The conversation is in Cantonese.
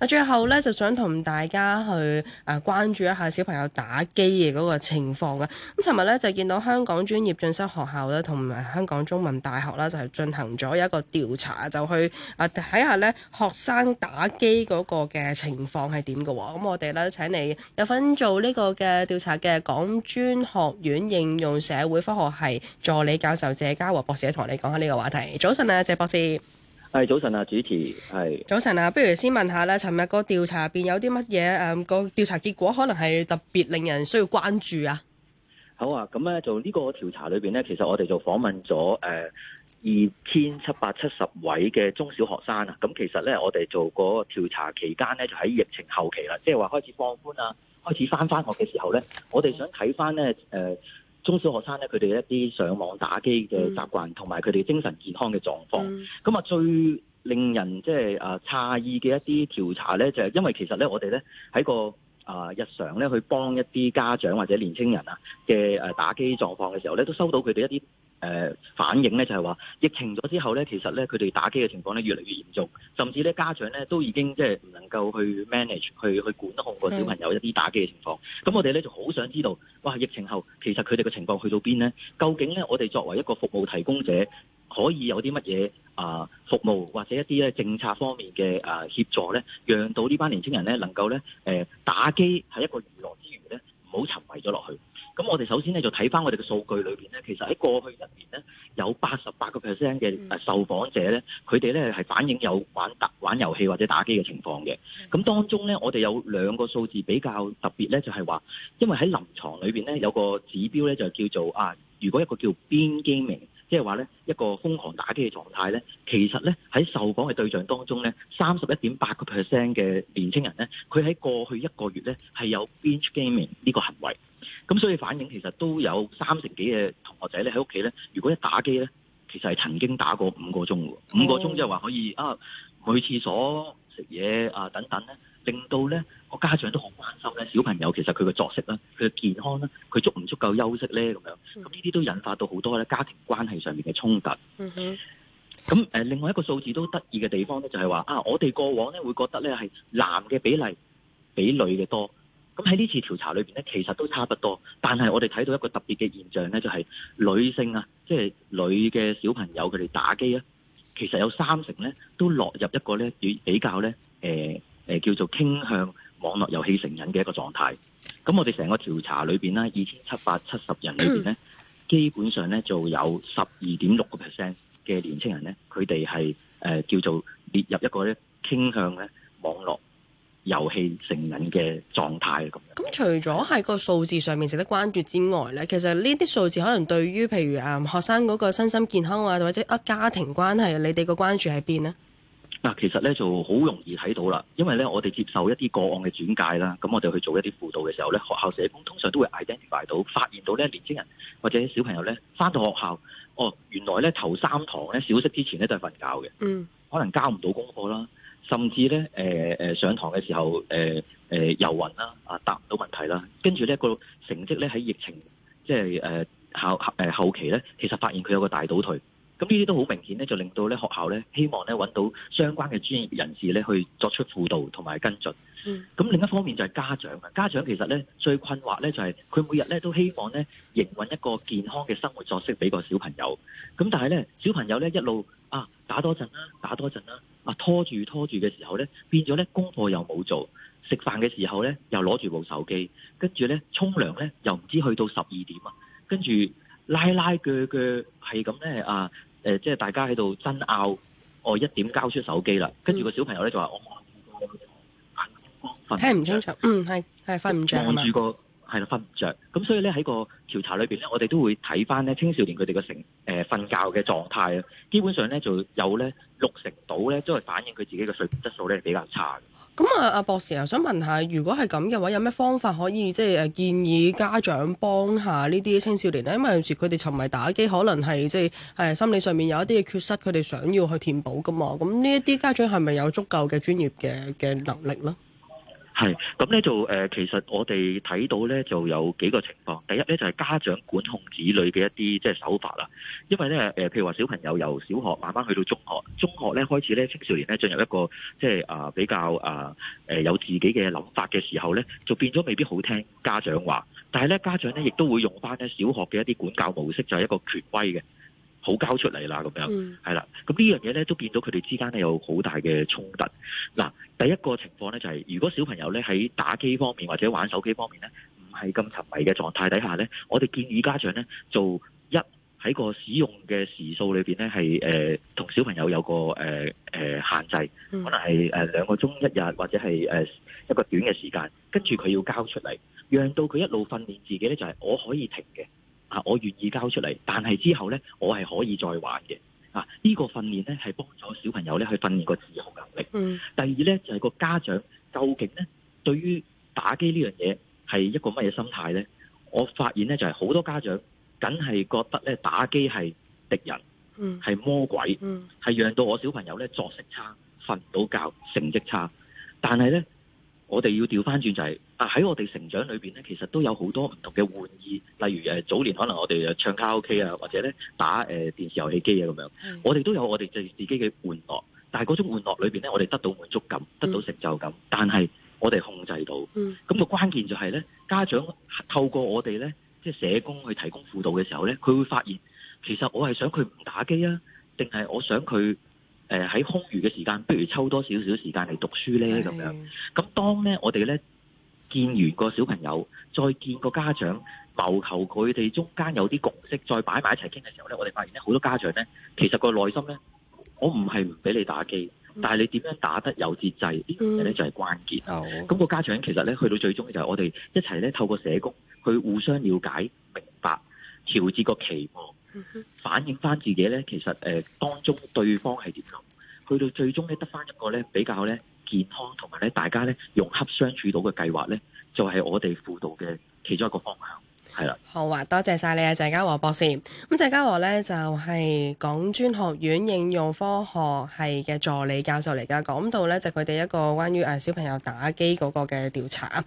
啊，最後咧就想同大家去啊關注一下小朋友打機嘅嗰個情況。咁尋日咧就見到香港專業進修學校咧同埋香港中文大學啦，就係進行咗一個調查，就去啊睇下咧學生打機嗰個嘅情況係點㗎喎。咁我哋咧請你有份做呢個嘅調查嘅港專學院應用社會科學系助理教授謝家和博士同你講下呢個話題。早晨啊，謝博士。係早晨啊，主持係早晨啊，不如先問下咧，尋日個調查入邊有啲乜嘢誒？個、嗯、調查結果可能係特別令人需要關注啊！好啊，咁咧就呢個調查裏邊咧，其實我哋就訪問咗誒二千七百七十位嘅中小學生啊。咁其實咧，我哋做個調查期間咧，就喺疫情後期啦，即係話開始放寬啊，開始返返學嘅時候咧，我哋想睇返咧誒。呃中小學生咧，佢哋一啲上網打機嘅習慣，同埋佢哋精神健康嘅狀況。咁、嗯、啊，最令人即係啊詫異嘅一啲調查咧，就係、是呃就是、因為其實咧，我哋咧喺個啊、呃、日常咧去幫一啲家長或者年輕人啊嘅誒打機狀況嘅時候咧，都收到佢哋一啲。誒、呃、反映咧就係話，疫情咗之後咧，其實咧佢哋打機嘅情況咧越嚟越嚴重，甚至咧家長咧都已經即係唔能夠去 manage 去、去去管控個小朋友一啲打機嘅情況。咁、嗯、我哋咧就好想知道，哇！疫情後其實佢哋嘅情況去到邊咧？究竟咧我哋作為一個服務提供者，可以有啲乜嘢啊服務或者一啲咧政策方面嘅啊、呃、協助咧，讓到輕呢班年青人咧能夠咧、呃、打機係一個娛樂。唔好沉迷咗落去。咁我哋首先咧就睇返我哋嘅數據裏邊咧，其實喺過去一年咧有八十八個 percent 嘅誒受訪者咧，佢哋咧係反映有玩玩遊戲或者打機嘅情況嘅。咁當中咧，我哋有兩個數字比較特別咧，就係話，因為喺臨床裏邊咧有個指標咧，就叫做啊，如果一個叫 binge gaming。即係話咧，一個瘋狂打機嘅狀態咧，其實咧喺受訪嘅對象當中咧，三十一點八個 percent 嘅年青人咧，佢喺過去一個月咧係有 binge gaming 呢個行為。咁所以反映其實都有三成幾嘅同學仔咧喺屋企咧，如果一打機咧，其實係曾經打過五個鐘喎。Oh. 五個鐘即係話可以啊，去廁所、食嘢啊等等咧。令到咧個家長都好關心咧，小朋友其實佢嘅作息啦，佢嘅健康啦，佢足唔足夠休息咧？咁樣咁呢啲都引發到好多咧家庭關係上面嘅衝突。嗯哼。咁誒、呃，另外一個數字都得意嘅地方咧，就係、是、話啊，我哋過往咧會覺得咧係男嘅比例比女嘅多。咁喺呢次調查裏邊咧，其實都差不多。但係我哋睇到一個特別嘅現象咧，就係、是、女性啊，即係女嘅小朋友佢哋打機啊，其實有三成咧都落入一個咧比比較咧誒。呃誒叫做傾向網絡遊戲成癮嘅一個狀態。咁我哋成個調查裏邊咧，二千七百七十人裏邊呢、嗯，基本上呢就有十二點六個 percent 嘅年青人呢，佢哋係誒叫做列入一個咧傾向咧網絡遊戲成癮嘅狀態嘅咁。咁、嗯、除咗係個數字上面值得關注之外呢，其實呢啲數字可能對於譬如誒學生嗰個身心健康啊，或者啊家庭關係，你哋個關注喺邊呢？嗱，其實咧就好容易睇到啦，因為咧我哋接受一啲個案嘅轉介啦，咁我哋去做一啲輔導嘅時候咧，學校社工通常都會 identify 到，發現到咧年青人或者小朋友咧返到學校，哦，原來咧頭三堂咧小息之前咧都係瞓覺嘅，嗯，可能交唔到功課啦，甚至咧、呃、上堂嘅時候誒誒遊魂啦，啊、呃呃、答唔到問題啦，跟住咧個成績咧喺疫情即係誒後誒後期咧，其實發現佢有個大倒退。咁呢啲都好明顯咧，就令到咧學校咧希望咧搵到相關嘅專業人士咧去作出輔導同埋跟進。嗯。咁另一方面就係家長啊，家長其實咧最困惑咧就係佢每日咧都希望咧營運一個健康嘅生活作息俾個小朋友。咁但係咧小朋友咧一路啊打多陣啦，打多陣啦，啊拖住拖住嘅時候咧變咗咧功課又冇做，食飯嘅時候咧又攞住部手機，跟住咧沖涼咧又唔知去到十二點啊，跟住拉拉腳腳係咁咧啊～誒、呃，即係大家喺度爭拗，我一點交出手機啦，跟住個小朋友咧就話、嗯哦、我望住個眼瞓、聽唔清楚，嗯係係瞓唔著嘛，望住個係啦瞓唔着。咁所以咧喺個調查裏邊咧，我哋都會睇翻咧青少年佢哋嘅成誒瞓、呃、覺嘅狀態啊，基本上咧就有咧六成度咧都係反映佢自己嘅睡眠質素咧比較差。咁啊，阿博士又想問下，如果係咁嘅話，有咩方法可以即係、誒、建議家長幫下呢啲青少年咧？因為有時佢哋沉迷打機可能係即係誒心理上面有一啲嘅缺失，佢哋想要去填補噶嘛。咁呢一啲家長係咪有足夠嘅專業嘅嘅能力咧？係咁咧就誒、呃，其實我哋睇到咧就有幾個情況。第一咧就係、是、家長管控子女嘅一啲即係手法啦。因為咧、呃、譬如話小朋友由小學慢慢去到中學，中學咧開始咧青少年咧進入一個即係啊、呃、比較啊、呃呃、有自己嘅諗法嘅時候咧，就變咗未必好聽家長話。但係咧家長咧亦都會用返咧小學嘅一啲管教模式，就係、是、一個權威嘅好交出嚟啦咁樣。係、嗯、啦，咁呢樣嘢咧都變咗佢哋之間咧有好大嘅衝突嗱。第一個情況咧、就係，就係如果小朋友咧喺打機方面或者玩手機方面咧，唔係咁沉迷嘅狀態底下咧，我哋建議家長咧做一喺個使用嘅時數裏面係，咧、呃，係誒同小朋友有個誒、呃、限制，可能係誒兩個鐘一日，或者係一個短嘅時間，跟住佢要交出嚟，讓到佢一路訓練自己咧，就係我可以停嘅，啊，我願意交出嚟，但係之後咧，我係可以再玩嘅。啊！呢個訓練咧係幫助小朋友咧去訓練個自控能力。嗯、第二咧就係個家長究竟咧對於打機呢樣嘢係一個乜嘢心態咧？我發現咧就係好多家長梗係覺得咧打機係敵人，嗯，係魔鬼，嗯，係、嗯、讓到我小朋友咧作息差、瞓唔到覺、成績差，但係咧。我哋要調翻轉就係、是，但、啊、喺我哋成長裏邊咧，其實都有好多唔同嘅玩意，例如誒、啊、早年可能我哋唱卡拉 OK 啊，或者咧打誒、呃、電視遊戲機啊咁樣。我哋都有我哋自自己嘅玩樂，但係嗰種玩樂裏邊咧，我哋得到滿足感，得到成就感。嗯、但係我哋控制到。咁、嗯、個關鍵就係咧，家長透過我哋咧，即、就、係、是、社工去提供輔導嘅時候咧，佢會發現其實我係想佢唔打機啊，定係我想佢。誒、呃、喺空餘嘅時間，不如抽多少少時間嚟讀書呢。咁樣咁當呢，我哋呢見完個小朋友，再見個家長，謀求佢哋中間有啲共識，再擺埋一齊傾嘅時候呢，我哋發現呢好多家長呢，其實個內心呢，我唔係唔俾你打機、嗯，但係你點樣打得有節制這東西呢樣嘢呢就係、是、關鍵。咁、嗯那個家長其實呢，去到最終就係我哋一齊呢透過社工去互相了解、明白、調節個期望。嗯、反映翻自己咧，其實誒、呃、當中對方係點樣，去到最終咧，得翻一個咧，比較咧，健康同埋咧，大家咧，融洽相處到嘅計劃咧，就係、是、我哋輔導嘅其中一個方向，係啦。好啊，多謝晒你啊，謝家和博士。咁、嗯、謝家和咧，就係、是、港專學院應用科學系嘅助理教授嚟噶，講到咧，就佢、是、哋一個關於誒小朋友打機嗰個嘅調查。